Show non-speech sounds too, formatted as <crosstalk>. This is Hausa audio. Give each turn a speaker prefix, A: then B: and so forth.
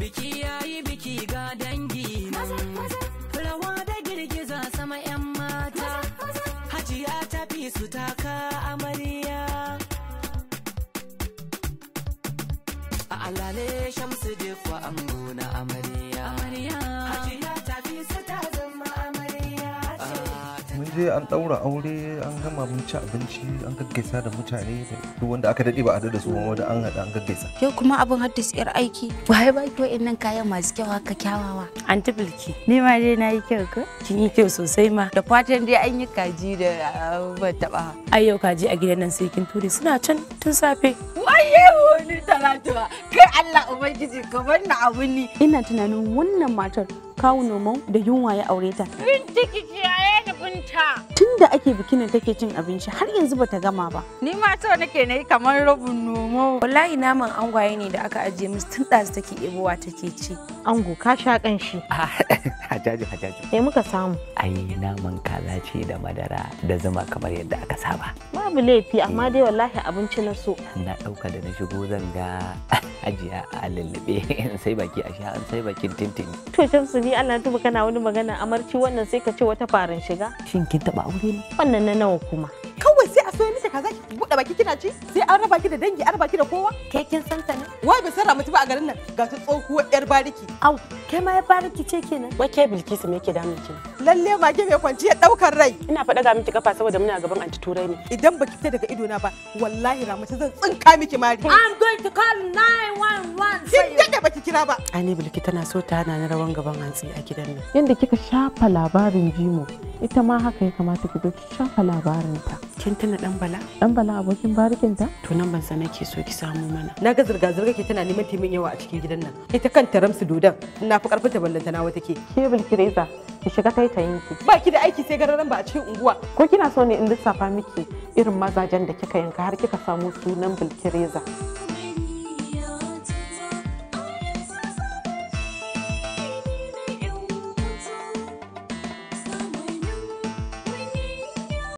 A: biki yayi biki ga dangi rawa da girgiza sama 'yan mata hajiya ta fi su taka amarya a alale shamsu dukwa ango na amarya je an ɗaura aure an gama abinci abinci an gaggaisa da mutane duk wanda aka dade ba a da su wanda an hada an gaggaisa yau kuma abin su yar aiki wai ba ki nan kayan masu kyau haka kyawawa an bilki ni ma dai na yi kyau ko kin yi kyau sosai ma da fatan dai an yi kaji da ba taɓa ai yau kaji a gidan nan sai kin ture suna can tun safe waye ni talatuwa kai Allah ubangiji ka banna abu ina tunanin wannan matar kawo noman da yunwa ya aure ta. Rin ciki zafinta. tunda ake bikin take cin abinci har yanzu bata gama ba. Ni ma to nake nayi kamar rabin nomo. Wallahi naman angwaye ne da aka ajiye musu tun da take ebowa take ci. Ango ka sha kanshi. Hajaji <laughs> hajaji. Me muka samu? Ai naman kaza ce da madara da zama kamar yadda aka saba. Babu laifi amma eh. dai wallahi abinci na so. Na ɗauka da na shigo zan ga <laughs> ajiya a lullube sai baki a sha an sai bakin tintin. To Shamsu ni Allah tuba kana wani magana amarci wannan sai ka ce wata farin shiga. kaza shin kin taba aure ne wannan na nawa kuma kawai sai a soya miki kaza ki buɗe baki kina ci sai an raba ki da dangi an raba ki da kowa kai kin san ta ne wai bai sarra mutu ba a garin nan ga ta tsohuwar yar bariki au kai ma yar bariki ce kenan wai ke bilkisu me yake damun ki lalle ma ke mai kwanciya daukar rai ina faɗa ga miki kafa saboda muna gaban anti turai ne idan baki fita daga ido na ba wallahi ramata zan tsinka miki mari i'm going to call tsakani bilki tana so ta hana ni rawan gaban hantsi a gidan nan yadda kika shafa labarin jimo ita ma haka ya kamata ki zo ki shafa labarinta. kin tuna dan bala dan bala abokin barikin ta to nan nake so ki samu mana na ga zirga zirga ke tana neman timin yawa a cikin gidan nan ita kanta ramsu dodan na fi karfin ta ballanta na wata ke Bilkireza? bilki reza ki shiga taitayin Baki ba ki da aiki sai gararan ba a cikin unguwa ko kina so ne in lissafa miki irin mazajen da kika yanka har kika samu sunan bilki reza